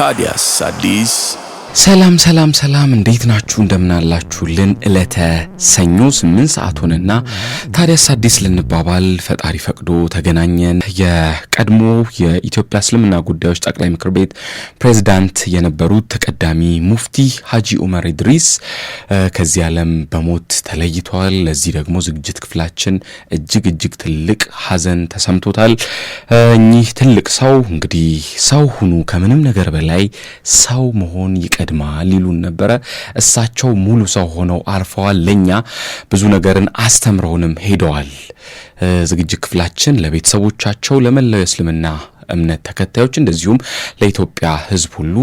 Tadia Sadis ሰላም ሰላም ሰላም፣ እንዴት ናችሁ? እንደምናላችሁልን እለተ ሰኞ ስምንት ሰዓት ሆነና ታዲያስ አዲስ ልንባባል ፈጣሪ ፈቅዶ ተገናኘን። የቀድሞ የኢትዮጵያ እስልምና ጉዳዮች ጠቅላይ ምክር ቤት ፕሬዝዳንት የነበሩት ተቀዳሚ ሙፍቲ ሀጂ ኡመር ኢድሪስ ከዚህ ዓለም በሞት ተለይተዋል። ለዚህ ደግሞ ዝግጅት ክፍላችን እጅግ እጅግ ትልቅ ሀዘን ተሰምቶታል። እኚህ ትልቅ ሰው እንግዲህ ሰው ሁኑ፣ ከምንም ነገር በላይ ሰው መሆን ይቀ ይቀድማል ይሉን ነበረ። እሳቸው ሙሉ ሰው ሆነው አርፈዋል። ለእኛ ብዙ ነገርን አስተምረውንም ሄደዋል። ዝግጅት ክፍላችን ለቤተሰቦቻቸው፣ ለመላው የእስልምና እምነት ተከታዮች እንደዚሁም ለኢትዮጵያ ሕዝብ ሁሉ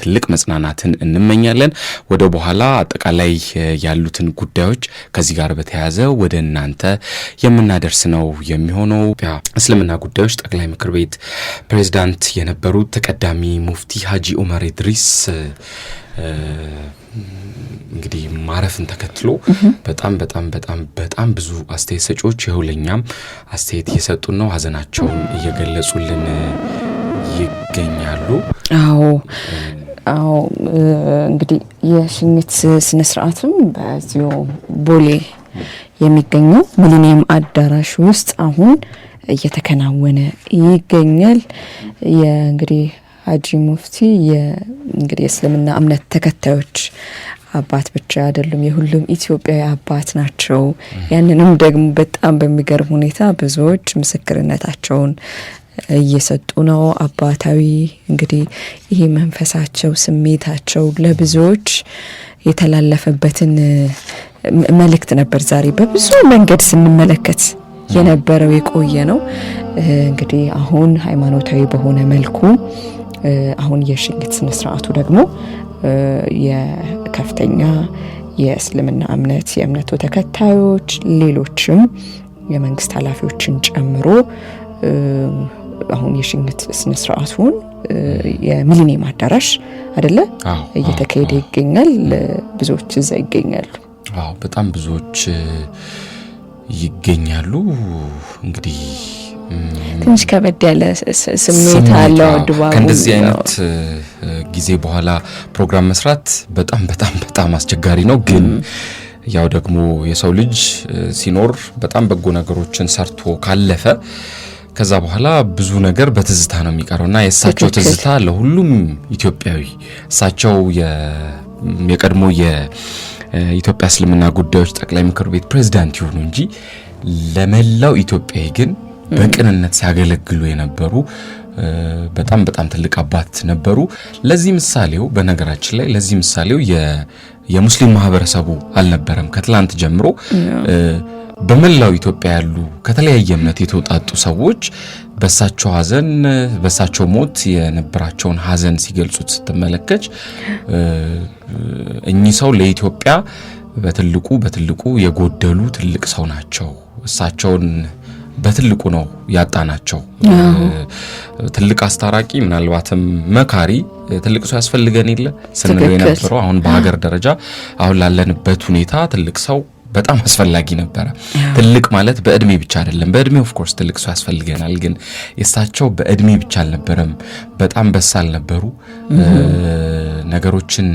ትልቅ መጽናናትን እንመኛለን። ወደ በኋላ አጠቃላይ ያሉትን ጉዳዮች ከዚህ ጋር በተያያዘ ወደ እናንተ የምናደርስ ነው የሚሆነው። እስልምና ጉዳዮች ጠቅላይ ምክር ቤት ፕሬዝዳንት የነበሩት ተቀዳሚ ሙፍቲ ሀጂ ኡመር ኢድሪስ እንግዲህ ማረፍን ተከትሎ በጣም በጣም በጣም በጣም ብዙ አስተያየት ሰጪዎች የሁለኛም አስተያየት እየሰጡን ነው፣ ሀዘናቸውን እየገለጹልን ይገኛሉ። አዎ አዎ እንግዲህ የሽኝት ስነ ስርዓትም በዚሁ ቦሌ የሚገኘው ሚሊኒየም አዳራሽ ውስጥ አሁን እየተከናወነ ይገኛል። የእንግዲህ ሀጂ ሙፍቲ እንግዲህ የእስልምና እምነት ተከታዮች አባት ብቻ አይደሉም፣ የሁሉም ኢትዮጵያዊ አባት ናቸው። ያንንም ደግሞ በጣም በሚገርም ሁኔታ ብዙዎች ምስክርነታቸውን እየሰጡ ነው። አባታዊ እንግዲህ ይሄ መንፈሳቸው፣ ስሜታቸው ለብዙዎች የተላለፈበትን መልእክት ነበር ዛሬ በብዙ መንገድ ስንመለከት የነበረው የቆየ ነው። እንግዲህ አሁን ሃይማኖታዊ በሆነ መልኩ አሁን የሽኝት ስነስርዓቱ ደግሞ ከፍተኛ የእስልምና እምነት የእምነቱ ተከታዮች፣ ሌሎችም የመንግስት ኃላፊዎችን ጨምሮ አሁን የሽኝት ስነ የሚሊኒየም አዳራሽ አደለ እየተካሄደ ይገኛል። ብዙዎች እዛ ይገኛሉ። በጣም ብዙዎች ይገኛሉ እንግዲህ ትንሽ ከበድ ያለ ስሜት አለው ድባቡ። ከእንደዚህ አይነት ጊዜ በኋላ ፕሮግራም መስራት በጣም በጣም በጣም አስቸጋሪ ነው ግን ያው ደግሞ የሰው ልጅ ሲኖር በጣም በጎ ነገሮችን ሰርቶ ካለፈ ከዛ በኋላ ብዙ ነገር በትዝታ ነው እና የእሳቸው ትዝታ ለሁሉም ኢትዮጵያዊ እሳቸው የቀድሞ የኢትዮጵያ እስልምና ጉዳዮች ጠቅላይ ምክር ቤት ፕሬዚዳንት ይሆኑ እንጂ ለመላው ኢትዮጵያዊ ግን በቅንነት ሲያገለግሉ የነበሩ በጣም በጣም ትልቅ አባት ነበሩ። ለዚህ ምሳሌው በነገራችን ላይ ለዚህ ምሳሌው የሙስሊም ማህበረሰቡ አልነበረም። ከትላንት ጀምሮ በመላው ኢትዮጵያ ያሉ ከተለያየ እምነት የተውጣጡ ሰዎች በሳቸው ሐዘን በሳቸው ሞት የነበራቸውን ሐዘን ሲገልጹት ስትመለከች እኚህ ሰው ለኢትዮጵያ በትልቁ በትልቁ የጎደሉ ትልቅ ሰው ናቸው እሳቸውን በትልቁ ነው ያጣናቸው። ትልቅ አስታራቂ፣ ምናልባትም መካሪ ትልቅ ሰው ያስፈልገን የለ ስንለው የነበረው አሁን በሀገር ደረጃ አሁን ላለንበት ሁኔታ ትልቅ ሰው በጣም አስፈላጊ ነበረ። ትልቅ ማለት በእድሜ ብቻ አይደለም። በእድሜ ኦፍኮርስ ትልቅ ሰው ያስፈልገናል፣ ግን የእሳቸው በእድሜ ብቻ አልነበረም። በጣም በሳል ነበሩ ነገሮችን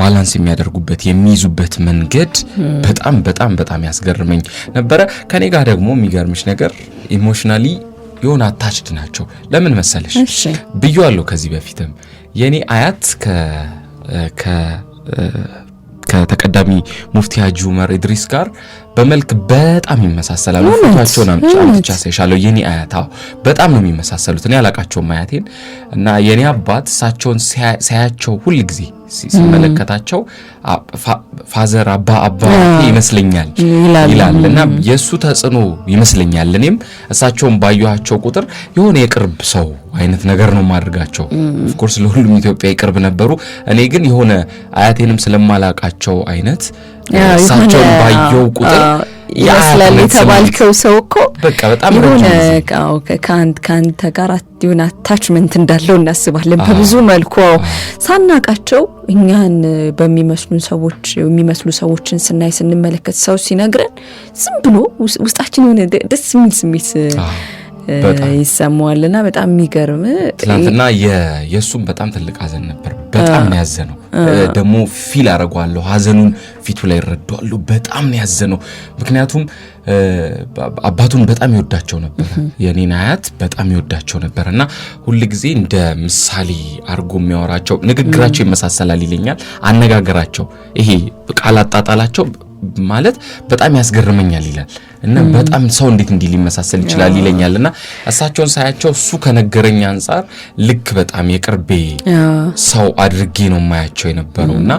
ባላንስ የሚያደርጉበት የሚይዙበት መንገድ በጣም በጣም በጣም ያስገርመኝ ነበረ። ከኔ ጋር ደግሞ የሚገርምሽ ነገር ኢሞሽናሊ የሆነ አታችድ ናቸው። ለምን መሰለሽ ብዩ አለው ከዚህ በፊትም የኔ አያት ከተቀዳሚ ሙፍቲ ሀጂ ዑመር ኢድሪስ ጋር በመልክ በጣም ይመሳሰላሉ። ፎቶቸውን አምጥቻ ሳይሻለው የኔ አያታ በጣም ነው የሚመሳሰሉት። እኔ አላቃቸውም አያቴን እና የኔ አባት እሳቸውን ሳያቸው ሁል ጊዜ ሲመለከታቸው ፋዘር አባ አባ ይመስለኛል ይላል እና የእሱ ተጽዕኖ ይመስለኛል። እኔም እሳቸውን ባየኋቸው ቁጥር የሆነ የቅርብ ሰው አይነት ነገር ነው ማድርጋቸው። ኦፍኮርስ ለሁሉም ኢትዮጵያ ይቅርብ ነበሩ። እኔ ግን የሆነ አያቴንም ስለማላቃቸው አይነት እሳቸውን ባየው ቁጥር ይመስላል የተባልከው ሰው እኮ በቃ በጣም የሆነ ከአንተ ጋር ሆነ አታችመንት እንዳለው እናስባለን። በብዙ መልኩ ሳናቃቸው እኛን በሚመስሉ ሰዎች የሚመስሉ ሰዎችን ስናይ ስንመለከት ሰው ሲነግረን ዝም ብሎ ውስጣችን የሆነ ደስ የሚል ስሜት ይሰማዋልና በጣም የሚገርም ትናንትና የእሱም በጣም ትልቅ ሀዘን ነበር። በጣም ነው ያዘነው። ደግሞ ፊል አረጓለሁ፣ ሀዘኑን ፊቱ ላይ እረዳዋለሁ። በጣም ነው ያዘነው። ምክንያቱም አባቱን በጣም ይወዳቸው ነበር። የኔን አያት በጣም ይወዳቸው ነበር እና ጊዜ እንደ ምሳሌ አርጎ የሚያወራቸው ንግግራቸው ይመሳሰላል ይለኛል። አነጋገራቸው ይሄ ቃል አጣጣላቸው ማለት በጣም ያስገርመኛል ይላል እና በጣም ሰው እንዴት እንዲህ ሊመሳሰል ይችላል ይለኛል እና እሳቸውን ሳያቸው እሱ ከነገረኝ አንጻር ልክ በጣም የቅርቤ ሰው አድርጌ ነው የማያቸው የነበረው እና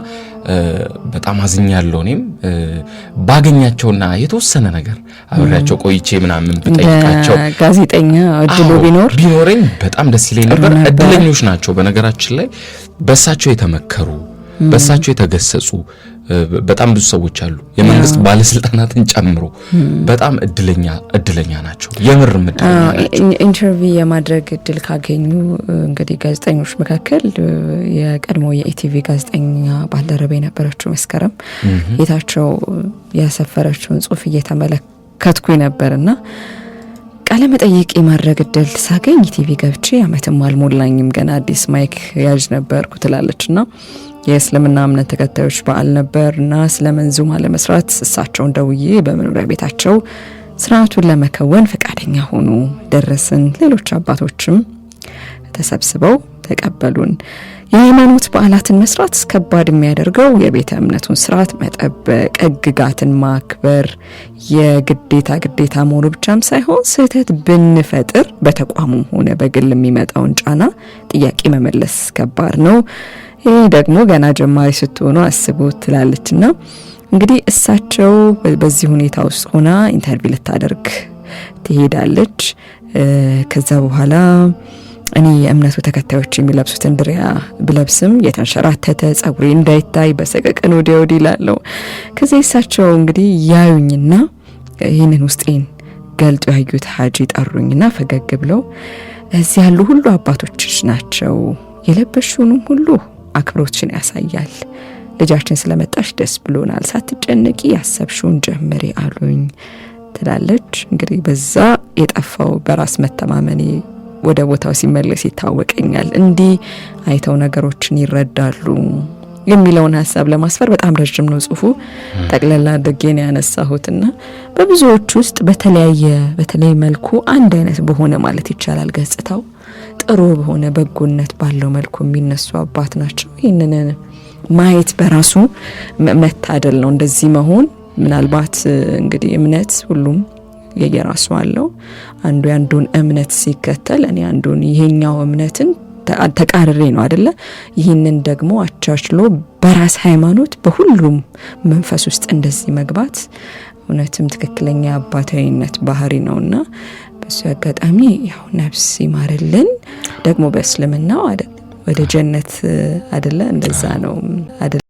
በጣም አዝኛለሁ። እኔም ባገኛቸውና የተወሰነ ነገር አብሬያቸው ቆይቼ ምናምን ብጠይቃቸው ጋዜጠኛ እድሎ ቢኖር ቢኖረኝ በጣም ደስ ይለኝ ነበር። እድለኞች ናቸው በነገራችን ላይ በእሳቸው የተመከሩ በእሳቸው የተገሰጹ በጣም ብዙ ሰዎች አሉ፣ የመንግስት ባለስልጣናትን ጨምሮ በጣም እድለኛ እድለኛ ናቸው። የምር ኢንተርቪው የማድረግ እድል ካገኙ እንግዲህ ጋዜጠኞች መካከል የቀድሞ የኢቲቪ ጋዜጠኛ ባልደረባ የነበረችው መስከረም ጌታቸው ያሰፈረችውን ጽሁፍ እየተመለከትኩ ነበር እና ቃለ መጠይቅ የማድረግ እድል ሳገኝ ኢቲቪ ገብቼ አመትም አልሞላኝም ገና አዲስ ማይክ ያዥ ነበርኩ ትላለች እና የእስልምና እምነት ተከታዮች በዓል ነበር እና ስለ መንዙማ ለመስራት እሳቸውን ደውዬ በመኖሪያ ቤታቸው ስርዓቱን ለመከወን ፈቃደኛ ሆኑ። ደረስን። ሌሎች አባቶችም ተሰብስበው ተቀበሉን። የሃይማኖት በዓላትን መስራት ከባድ የሚያደርገው የቤተ እምነቱን ስርዓት መጠበቅ፣ ሕግጋትን ማክበር የግዴታ ግዴታ መሆኑ ብቻም ሳይሆን ስህተት ብንፈጥር በተቋሙም ሆነ በግል የሚመጣውን ጫና ጥያቄ መመለስ ከባድ ነው። ይህ ደግሞ ገና ጀማሪ ስትሆኑ አስቡት ትላለችና እንግዲህ እሳቸው በዚህ ሁኔታ ውስጥ ሆና ኢንተርቪው ልታደርግ ትሄዳለች። ከዛ በኋላ እኔ የእምነቱ ተከታዮች የሚለብሱትን ድሪያ ብለብስም የተንሸራተተ ጸጉሬ እንዳይታይ በሰቀቀን ወዲያ ወዲህ ላለው። ከዚያ እሳቸው እንግዲህ ያዩኝና ይህንን ውስጤን ገልጦ ያዩት ሀጂ ጠሩኝና ፈገግ ብለው እዚህ ያሉ ሁሉ አባቶችሽ ናቸው የለበሽውንም ሁሉ አክብሮትሽን ያሳያል። ልጃችን ስለመጣሽ ደስ ብሎናል፣ ሳትጨነቂ ያሰብሽውን ጀምሪ አሉኝ ትላለች። እንግዲህ በዛ የጠፋው በራስ መተማመኔ ወደ ቦታው ሲመለስ ይታወቀኛል። እንዲህ አይተው ነገሮችን ይረዳሉ የሚለውን ሀሳብ ለማስፈር በጣም ረጅም ነው ጽሁፉ። ጠቅለላ አድርጌን ያነሳሁትና በብዙዎች ውስጥ በተለያየ በተለይ መልኩ አንድ አይነት በሆነ ማለት ይቻላል ገጽታው ጥሩ በሆነ በጎነት ባለው መልኩ የሚነሱ አባት ናቸው። ይህንን ማየት በራሱ መታደል ነው። እንደዚህ መሆን ምናልባት እንግዲህ እምነት ሁሉም የየራሱ አለው። አንዱ የአንዱን እምነት ሲከተል እኔ አንዱን ይሄኛው እምነትን ተቃርሬ ነው አደለ? ይህንን ደግሞ አቻችሎ በራስ ሃይማኖት በሁሉም መንፈስ ውስጥ እንደዚህ መግባት እውነትም ትክክለኛ አባታዊነት ባህሪ ነውና በዚህ አጋጣሚ ያው ነፍስ ይማርልን። ደግሞ በእስልምናው ወደ ጀነት አደለ እንደዛ ነው አደለ